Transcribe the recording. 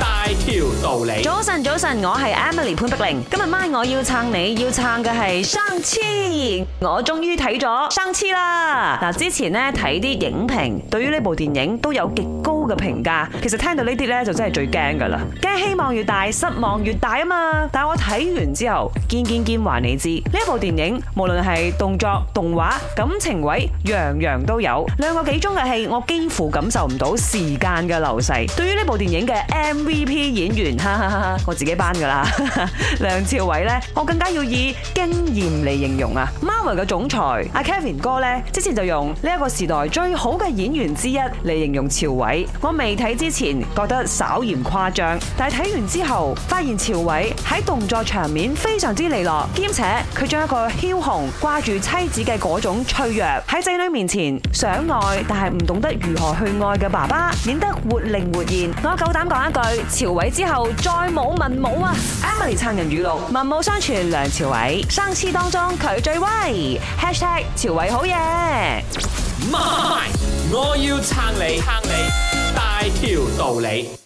大條道理，早晨早晨，我係 Emily 潘碧玲，今日晚我要撐你要撐嘅係生痴，我終於睇咗生痴啦。嗱，之前咧睇啲影評，對於呢部電影都有極高嘅評價。其實聽到呢啲呢，就真係最驚噶啦，驚希望越大失望越大啊嘛。但係我睇完之後，堅堅堅話你知呢部電影，無論係動作、動畫、感情位，樣樣都有。兩個幾鐘嘅戲，我幾乎感受唔到時間嘅流逝。對於呢部電影嘅 M。V.P. 演員，哈哈哈！ 我自己班噶啦，梁朝偉咧，我更加要以經驗嚟形容啊。個總裁阿 Kevin 哥呢，之前就用呢一個時代最好嘅演員之一嚟形容朝偉。我未睇之前覺得稍嫌誇張，但係睇完之後，發現朝偉喺動作場面非常之利落，兼且佢將一個梟雄掛住妻子嘅嗰種脆弱，喺仔女面前想愛但係唔懂得如何去愛嘅爸爸，演得活靈活現。我夠膽講一句：朝偉之後再冇文武啊！Emily 撐人語錄，文武雙全梁朝偉，生師當中佢最威。h a s h a 朝偉好嘢，我要撐你，撐你，大條道理。